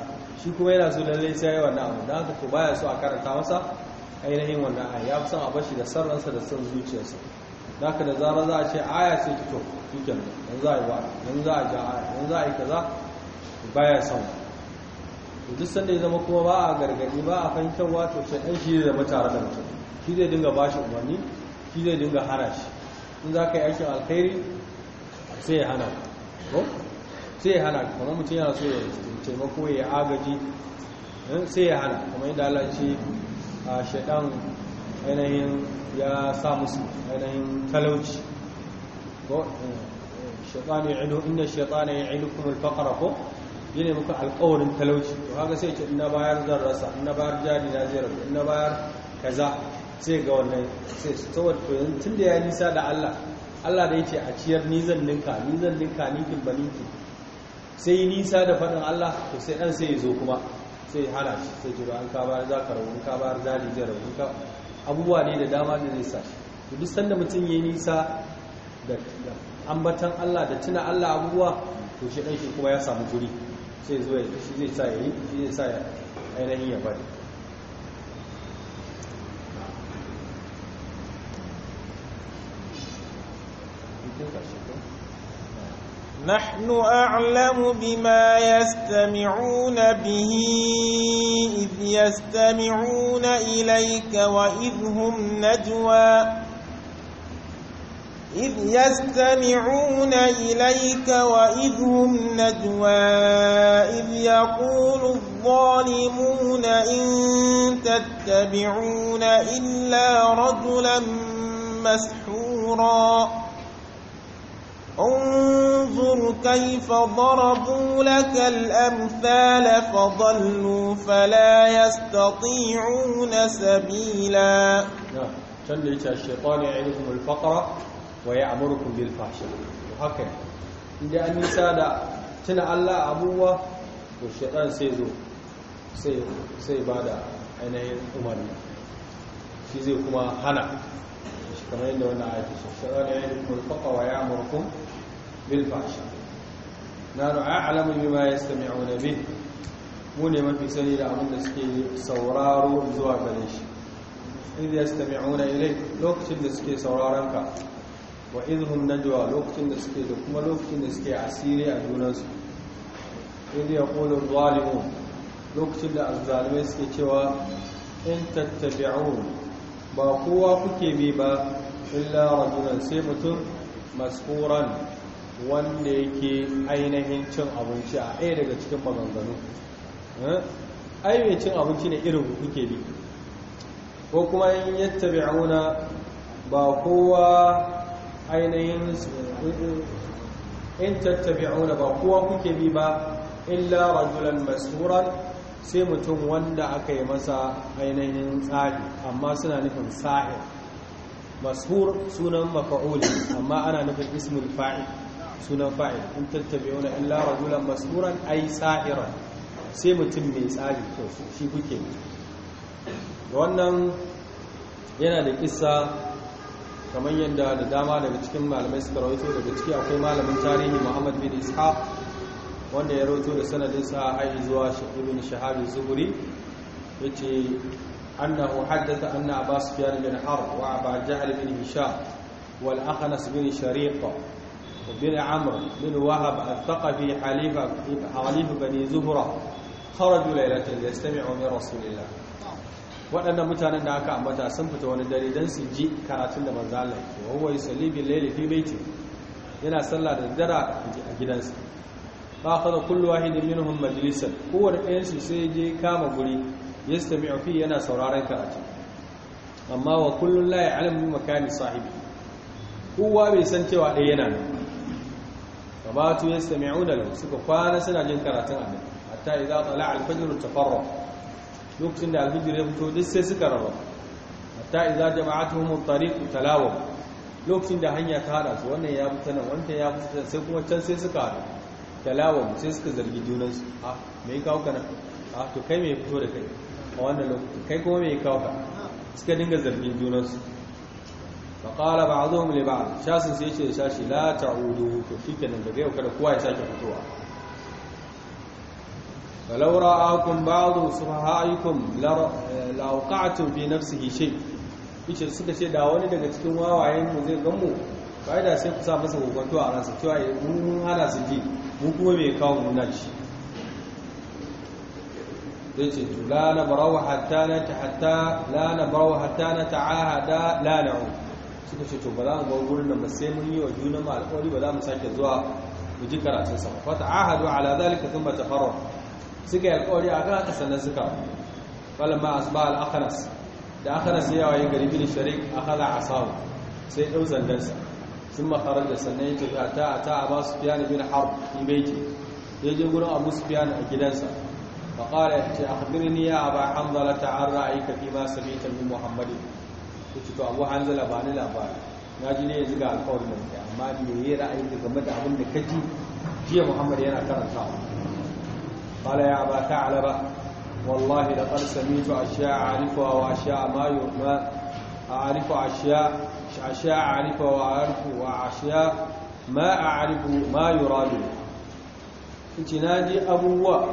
shi kuma yana so lallai sai ya yi wani abu don haka ko baya so a karanta masa ainihin wani aya ya fi son a bashi da sarrasa da san zuciyarsa da haka da zara za a ce aya sai ki to shi kenan yanzu za a yi ba yanzu za a ja aya yanzu za a yi kaza baya son duk sanda ya zama kuma ba a gargadi ba a fahimtarwa to shaidan shi zai zama tare da mutum shi zai dinga ba shi umarni shi zai dinga hana shi in za ka yi aikin alkhairi sai ya hana ko sai ya hana kuma mutum yana so ya taimako ya agaji eh, sai ya hana kuma yadda Allah ce a shaidan ainihin ya sa musu ainihin talauci ko eh, eh, shaitani ya ilu inda shaitani ya ilu kuma alfaqara ko ya ne muka alkawarin talauci to haka sai ce ina bayar zan rasa ina bayar jari na zai rabu ina bayar kaza sai ga wannan sai saboda to yanzu tun da ya nisa da Allah Allah da ce a ciyar ni zan ninka ni zan ninka ninkin ba ninki sai nisa da faɗin Allah to sai dan sai ya zo kuma sai ya hana shi sai jira an ka bayar za ka rabu in ka bayar jari zai rabu ka abubuwa ne da dama da zai sa shi duk sanda mutum ya nisa da ambatan Allah da tuna Allah abubuwa to shi dan shi kuma ya samu guri نحن أعلم بما يستمعون به إذ يستمعون إليك وإذ هم نجوى إذ يستمعون إليك وإذ هم نجوى إذ يقول الظالمون إن تتبعون إلا رجلا مسحورا انظر كيف ضربوا لك الأمثال فضلوا فلا يستطيعون سبيلا نعم كان الشيطان يعدكم الفقر wa ya amurkum bil fahsha to haka ne inda an nisa da tuna Allah abuwa to shaytan sai zo sai sai bada ainihin umarni shi zai kuma hana shi kamar yadda wannan ayati shi shaytan ya yi mulfaqa wa ya amurkum bil fahsha nanu a'lamu bima yastami'una bihi mu ne mafi sani da abin da suke sauraro zuwa gare shi idh yastami'una ilayk lokacin da suke sauraron ka wa izhum najwa lokacin da suke da kuma lokacin da suke asiri a junansu idan ya kula zalimu lokacin da azzalimai suke cewa in tattabi'un ba kowa kuke bi ba illa rajulan sai mutum masfuran wanda yake ainihin cin abinci a ɗaya daga cikin maganganu eh? ai cin abinci ne irin kuke bi ko kuma in yattabi'una ba kowa ainihin in tattabi'una ba kowa kuke bi ba illa rajulan masuran sai mutum wanda aka yi masa ainihin tsari amma suna nufin sahir masur sunan mafa'uli amma ana nufin ismul fa'il sunan fa'il in tattabi'una illa rajulan masuran ai sa'ira sai mutum mai tsari to shi kuke wannan yana da kisa kamar yadda da dama daga cikin malamai suka rawaito daga ciki akwai malamin tarihi muhammad bin ishaq wanda ya rawaito da sanadinsa har zuwa ibn shahabi zuhuri yace annahu haddatha anna abu sufyan bin harb wa abu jahl bin hisham wal akhnas bin shariqa وبن عمرو بن وهب الثقفي حليف حليف بني زهره خرجوا ليله يستمعوا من رسول rasulillah. waɗannan mutanen da aka ambata sun fita wani dare don su ji karatun da manzo Allah ke wa yi salibin layli fi baiti yana sallah da dara a gidansa Ba khadha kullu wahidin minhum minuhun kowanne ɗayan su sai je kama guri yastami'u fi yana sauraron karatu amma wa kullun laye alamun makani sahibi kowa bai san cewa ɗaya yana nan fa batu yastami'una lahu suka kwana suna jin karatun abin. hatta idza tala'a al-fajr lokacin da alhijir ya fito duk sai suka raba hatta idza jama'atuhum at-tariq talawa lokacin da hanya ta hada su wannan ya fita nan wannan ya fita sai kuma can sai suka hada talawa sai suka zargi junan su ah me ya kawo ka nan ah to kai me ya fito da kai a wannan lokacin kai kuma me ya kawo ka suka dinga zargin junan su fa qala ba'dhum li ba'd shasin sai ce shashi la ta'udu to shikenan daga yau kada kowa ya sake fitowa فلو راكم بعض سفهائكم لأوقعتم في نفسه شيء yace suka ce da wani daga cikin wawayen mu zai gamu kai da sai ku sa masa gogonto a ransa cewa mun hana su ji mun kuma bai kawo mu nan shi zai ce to la na barawa hatta na ta hatta la na barawa hatta na ta'ahada la na'u suka ce to ba za mu ga gurin nan ba sai mun yi wa juna mu alƙawari ba za mu sake zuwa mu ji karatun sa fa ta'ahadu ala zalika ta tafarraqu suka yi alkawari a kan haka sannan suka falon ma asba al'akhanas da akhanas ya waye gari bin sharik a hala a samu sai ɗau zandansa sun makarar da sannan yake a ta a ta a ba su fiya na bin har ibaiti ya je gudun abu su fiya a gidansa ba ƙara ce a hadirni ya ba hanzala ta an ra'ayi ka fi ma sami ta bin muhammadu ya ci to abu hanzala ba ni labari na ji ne ya ziga alƙawarin da amma me ya ra'ayi game da abin da kaji jiya muhammad yana karantawa قال يا أبا ثعلبة والله لقد سميت أشياء أعرفها وأشياء ما يؤمى أعرف أشياء أشياء أعرفها وأعرف وأشياء ما أعرف ما يراد تنادي أبوه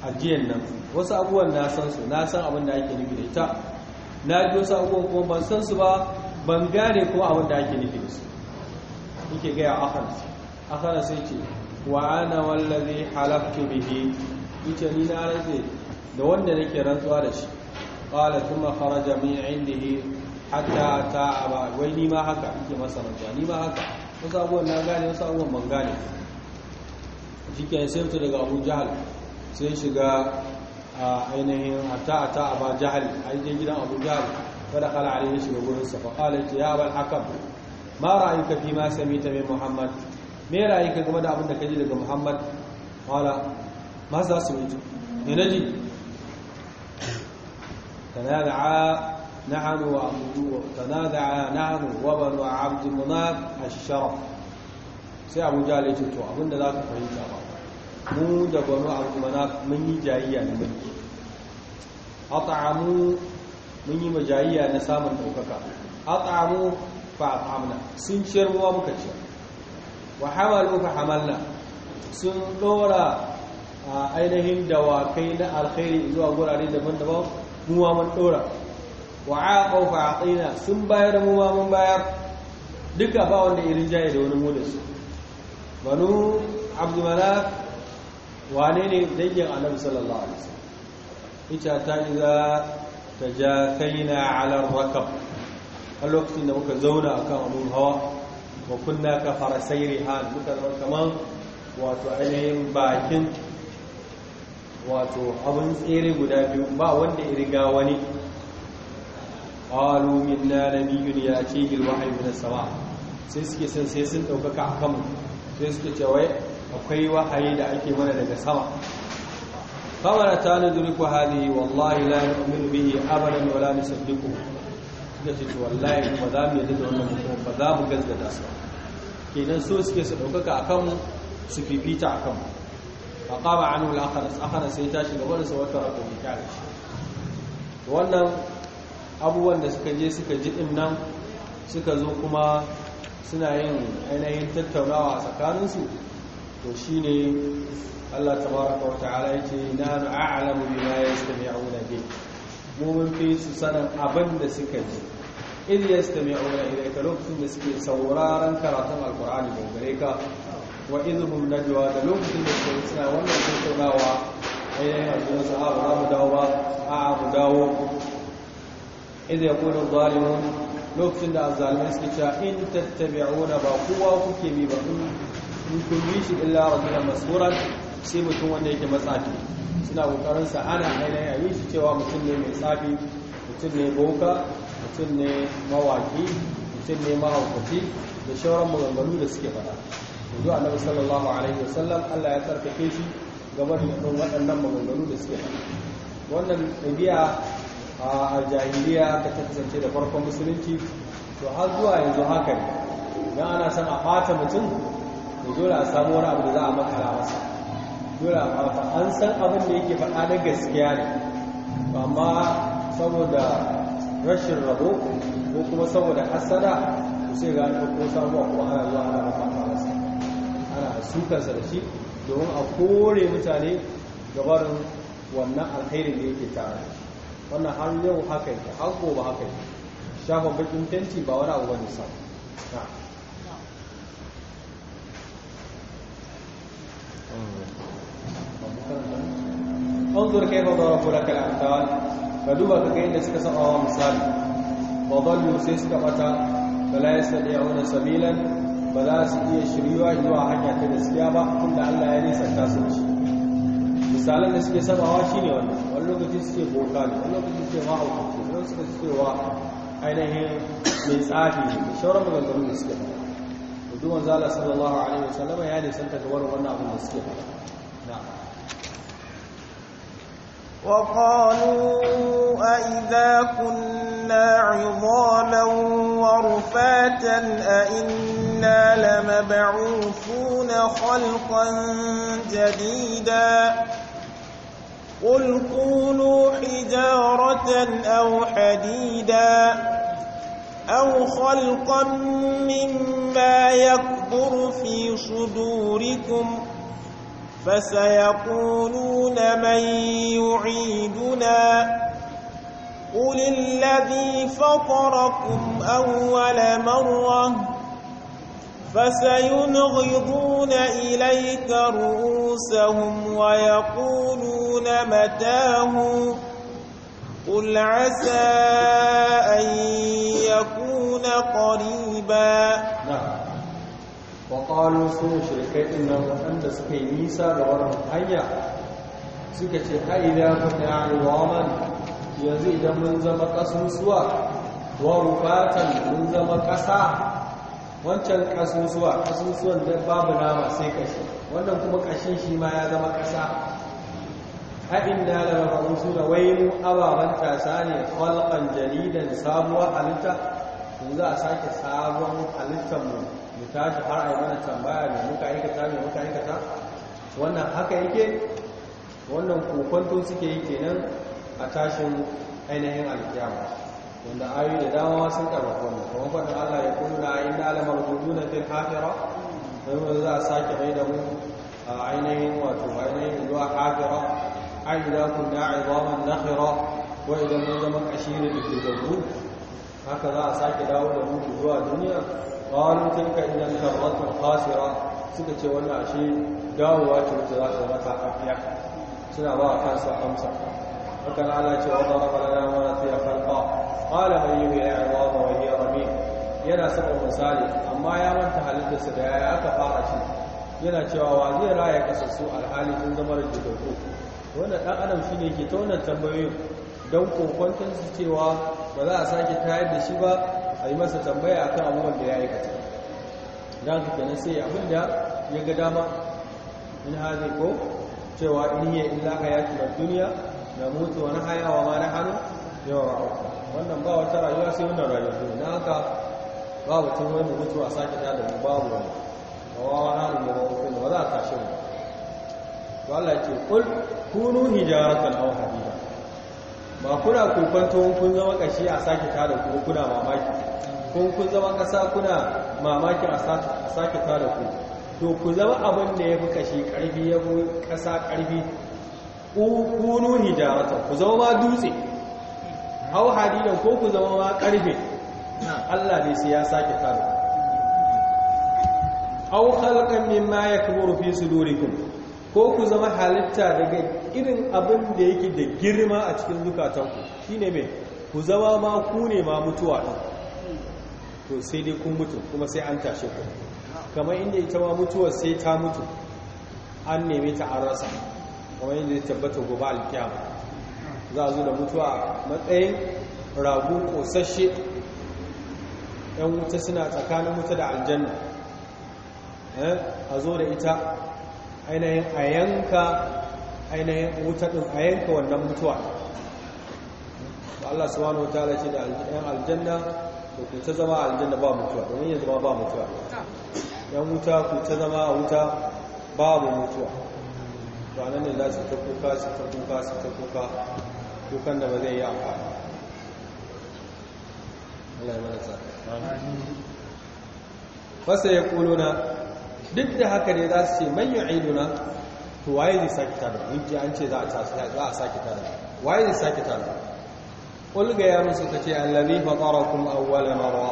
ajiyar nan wasu abubuwan na san su na san abin da ake nufi da ita na ji wasu abubuwan kuma ban san su ba ban gane kuma abin da ake nufi da su yake gaya akhar akhar sai ce wa ana wallazi halaftu bihi Ita ni na rantse da wanda nake rantsuwa da shi qala thumma kharaja min indihi hatta a ba wai ni ma haka yake masa rantsuwa ni ma haka wasu abubuwan na gane wasu abubuwan ban gane shike sai fita daga Abu Jahal sai shiga ainihin hatta ata aba Jahal yi gidan Abu Jahal kala a yi shiga gurin sa fa qala ya abul hakam ma ra'ayka fi ma sami ta mai Muhammad me rayi ka game da abin da ka ji daga muhammad wala ma za su wuce ne na ji tanada'a na'anu wa abu tanada'a na'anu wa banu abd munaf sharaf sai abu jale ce to abin da za ka fahimta ba mu da banu abd mun yi jayayya da mulki at'amu mun yi majayayya na samun daukaka at'amu fa at'amna sun ciyar muwa muka ciyar wa hamalu fa hamalna sun dora ainihin dawakai na alkhairi zuwa gurare daban-daban mu ma mun dora wa aqaw fa atina sun bayar mu ma mun bayar duka ba wanda irin jaye da wani munin su banu abdu malak wane ne dangin annabi sallallahu alaihi wasallam ita ta iza tajakaina ala rakab a lokacin da muka zauna akan abun hawa wa kunna ka sairi rihan muka zama kamar wato ainihin bakin wato abin tsere guda biyu ba wanda ya riga wani ƙwaro min na nabiyyun ya ce gilwahayi na sama sai suke sun sai sun ɗaukaka a kanmu sai suke cewa akwai wahayi da ake mana daga sama kamar ta nuzuri ku hali wallahi la yi bihi abadan wala nusaddiku suka ce wallahi ba za mu yadda da wannan mutum ba za mu gazgata su kenan so suke su ɗaukaka a kanmu su fifita a kanmu a ƙaba an wula akaras sai ta gaba da sauwata a mai kare shi wannan abubuwan da suka je suka ji ɗin nan suka zo kuma suna yin ainihin tattaunawa a tsakaninsu to shi ne allah tabaraka wa ta'ala ya ce na nu'a'alamu bima yastami'una bihi mu mun fi su sanin abin da suka ji in yastami'una ilaika lokacin da suke sauraron karatun al'kur'ani da gare ka wa idhum najwa da lokacin da suke suna wannan tattaunawa a hajjin su a ba mu dawo ba a mu dawo idh yaqulu adh-dhalimun lokacin da azzalimai suke cewa in tattabi'una ba kowa kuke bi ba in kun bi shi illa rajulan masburan sai mutum wanda yake matsafi suna kokarin sa ana ainihin yi shi cewa mutum ne mai tsafi mutum ne boka mutum ne mawaki mutum ne mahaukaci da shauran maganganu da suke faɗa yanzu annabi sallallahu alaihi wasallam Allah ya tsarkake shi game da waɗannan maganganu da suke fada wannan ɗabi'a a jahiliya ta kasance da farkon musulunci to har zuwa yanzu haka ne idan ana son a fata mutum to dole a samu wani abu da za a makara masa dole fa an san abin da yake faɗa da gaskiya ne amma saboda rashin rabo ko kuma saboda hasada ku sai ga ko sabuwa ko ana zuwa ana rafa masa ana sukansa da shi domin a kore mutane gabarin wannan alkhairin da yake tare wannan har yau haka yake har gobe haka yake shafa bakin fenti ba wani abu bane sa Mm-hmm. انظر كيف ka لك الامثال فدوبا كاين da suka saba wa misali wa dallu sai suka bata bala yastadi'una sabilan ba za su iya shiryuwa zuwa hanya ta gaskiya ba tunda Allah ya nisa ta su ci misalan da suke sabawa shine wannan wani lokaci suke boka ne wani lokaci suke ma hukunci wani suka suke wa ainihin mai tsafi ba. ya ga wannan abin da suke faɗa. وقالوا أئذا كنا عظاما ورفاتا أئنا لمبعوثون خلقا جديدا قل كونوا حجارة أو حديدا أو خلقا مما يكبر في صدوركم فسيقولون من يعيدنا قل الذي فطركم أول مرة فسينغضون إليك رؤوسهم ويقولون متاه قل عسى أن يكون قريبا نعم wa qalu sun shirkai din nan wanda suka yi nisa da wannan hanya suka ce ya idan kuna iwaman yanzu idan mun zama kasusuwa wa rufatan mun zama kasa wancan kasusuwa kasusuwan da babu nama sai kashi wannan kuma kashin shi ma ya zama kasa da ya da rabu da wai mu ababen tasa ne khalqan jaridan sabuwar halitta yanzu a sake sabon halittar mu mu tashi har a yi mana tambaya mai muka aikata mai muka aikata wannan haka yake wannan kokonto suke yi kenan a tashin ainihin alkiyama wanda ayoyi da dama sun karfafa wannan kuma faɗin Allah ya kullu inna alamar guduna fil hafira sai za a sake mai da mu a ainihin wato ainihin zuwa hafira ai da kunna na nakhira wa idan mun zama ashirin da dubu haka za a sake dawo da mu zuwa duniya ƙwarin tilka idan karratun hasira suka ce wannan ashe dawowa ce wacce za ta zama suna ba a kansa amsa haka na ala cewa ta rafa lana mana fiye farfa ƙwala mai yi mai yawa ba wani ya rami yana saba misali amma ya manta halittarsa da yaya aka fara shi yana cewa wa zai raya kasassu alhali sun zama da jidauku Wannan ɗan adam shi ne ke ta wannan tambayoyin don kokon cewa ba za a sake tayar da shi ba a yi masa tambaya akan abubuwan da ya aikata da haka kenan sai abin da ya ga dama in hazi ko cewa in yi ya illa hayatu duniya da mutu wani hayawa ma na hannu yawa wannan ba wata rayuwa sai wannan rayuwa ne na haka ba wata wani mutu a sake da mu babu wani kawawa na hannu ya babu kuma ba za a tashi mu ba Allah ya ce kul kunu hijaratan aw hadida ba kuna kokonto kun zama kashi a sake tada ku kuna mamaki kun kun zama kasa kuna mamaki a sake tada ku to ku zama abin da ya fi kashi karfi ya fi kasa karfi kunu hijarata ku zama ma dutse hau hadinan ko ku zama ma karfe Allah ne sai ya sake tada ku ya khalqan mimma su fi sudurikum ko ku zama halitta daga irin abin da yake da girma a cikin zukatanku ne mai ku zama ma ku ne ma mutuwa ɗin to sai dai kun mutu kuma sai an tashe ku kamar inda ita ma mutuwar sai ta mutu an neme ta an rasa kamar inda ya tabbata gobe alkiyama za a zo da mutuwa matsayin ragu kosashe yan wuta suna tsakanin wuta da aljanna eh, a zo da ita ainihin a yanka ainihin wuta ɗin a yanka wannan mutuwa ba Allah subhanahu wa ta'ala ce da yan aljanna da ku ta zama aljanna ba mutuwa domin yanzu zama ba mutuwa yan wuta ku ta zama a wuta mu mutuwa to nan ne za su ta kuka su ta kuka su ta kuka kukan da ba zai yi amfani Allah ya mana tsaka fasa ya kuluna duk da haka ne za su ce manyan aiduna to waye zai sake tada mun an ce za a sake tada waye zai sake tada ƙulga ya musu ta ce allazi kuma awwala marra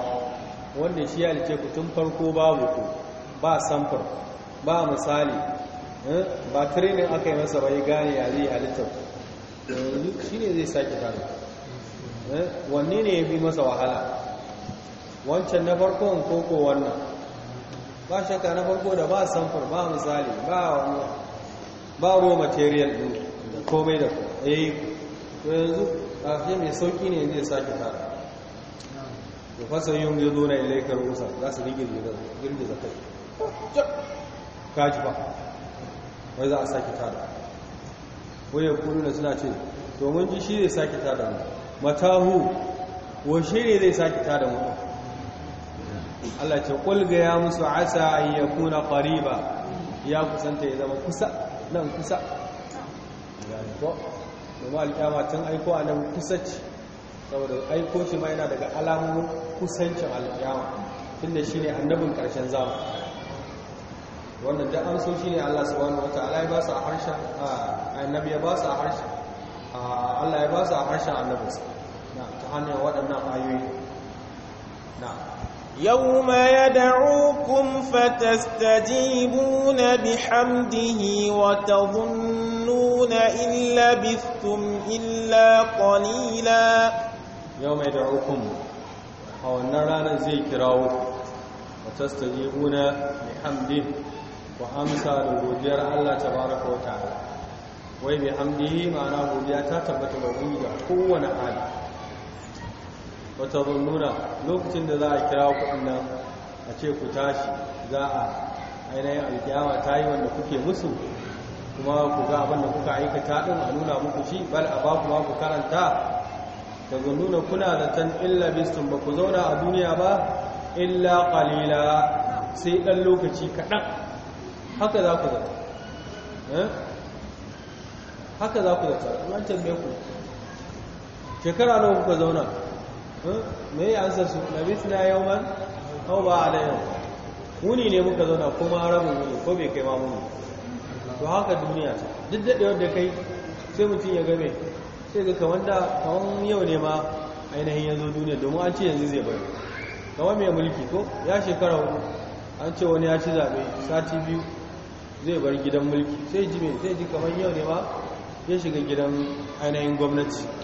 wanda shi ya lice ku tun farko babu ku ba samfur ba misali eh, ba training aka yi masa bai gane ya zai halitta shi ne zai sake tada eh, wanne ne ya fi masa wahala wancan na farkon koko wannan ba shakka na farko da ba samfur ba misali ba wani ba raw material din da komai da komai eh to yanzu fiye mai sauki ne zai sake fara da fasa yi yi zo na ilaikar rusa za su girgiza kai kaji ba wai za a sake tada wai ya kuru na suna ce domin ji shi zai sake tada mu matahu wa shi ne zai sake tada mu Allah ce kulga ya musu asa ya kuna ba ya kusanta ya zama kusa nan kusa gani ko kuma alkiyama tun aiko a nan kusa ce saboda aiko shi ma yana daga alamun kusancin da shi ne annabin ƙarshen zama wannan da shi ne Allah wata Allah ya ba su a harshen annabi ya ba su a harshen Allah ya ba su a harshen annabinsa ta hanyar waɗannan ayoyi na. يوم يدعوكم فتستجيبون بحمده وتظنون إن لبثتم إلا قليلا يوم يدعوكم أو نرانا زي كراو وتستجيبون بحمده وأمسى لغودير الله تبارك وتعالى وبحمده معناه غودياتا تبتغوية قوة عالية wata zannuna lokacin da za a kira kuɗin nan a ce ku tashi za a ainihin alkiyama ta yi wanda kuke musu kuma ku ga abin da kuka aikata ɗin a nuna muku shi bal a ba kuma ku karanta daga nuna kuna da can illa bistin ba ku zauna a duniya ba illa kalila sai ɗan lokaci kaɗan haka za ku zata eh? haka za ku zata an tambaye ku shekara nawa kuka zauna me ya ansa su yau yawman aw ba ala yau wuni ne muka zauna kuma rabin wuni ko bai kai ma wuni to haka duniya ta duk dadewar da kai sai mutum ya game sai ga kamar da yau ne ma ainihin ya zo duniya domin an ce yanzu zai bari kamar mai mulki ko ya shekara uku an ce wani ya ci zaɓe sati biyu zai bar gidan mulki sai ji mai sai ji kamar yau ne ma ya shiga gidan ainihin gwamnati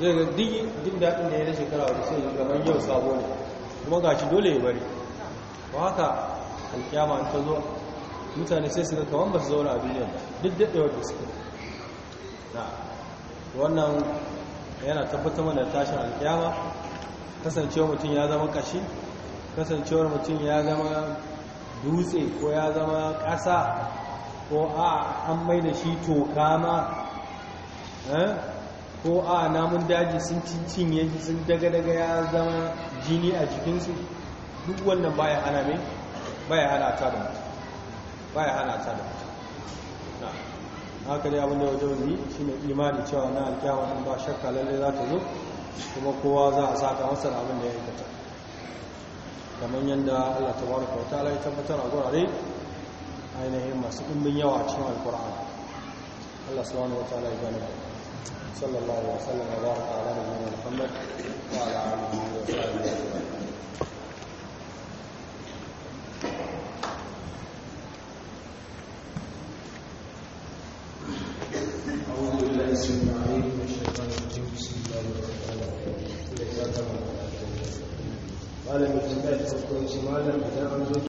zai ga duk daɗin da ya na shekara wata sai ya gaban yau sabo ne kuma ga shi dole ya bari ba haka alkiyama ta zo mutane sai su ga kawan ba su zauna a duniya duk daɗewar da suke na wannan yana tabbatar mana tashin alkiyama kasancewar mutum ya zama kashi kasancewar mutum ya zama dutse ko ya zama ƙasa ko a an mai da shi toka ma eh? ko a namun daji sun cinye sun daga-daga ya zama jini a jikinsu duk wannan baya hana mai baya hana ta da mutu baya hana ta da mutu haka dai abinda wajen wuri shi ne imani cewa na alkyawa in ba shakka lalle za ta zo kuma kowa za a saka masa da abin da ya aikata kamar yadda allah ta baraka kauta ala tabbatar a gurare ainihin masu ɗimbin yawa cikin alkur'an allah wani wata lai gani ba صلى الله عليه وسلم وبارك على نبينا محمد وعلى اله وصحبه اجمعين أعوذ بالله من الشيطان الرجيم بسم الله الرحمن الرحيم